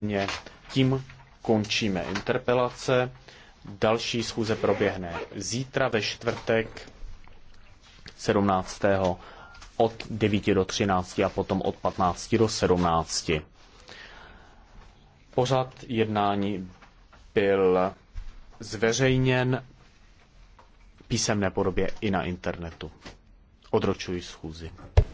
mě. Tím končíme interpelace. Další schůze proběhne zítra ve čtvrtek 17. od 9 do 13 a potom od 15 do 17. Pořad jednání byl zveřejněn písemné podobě i na internetu. Odročuji schůzi.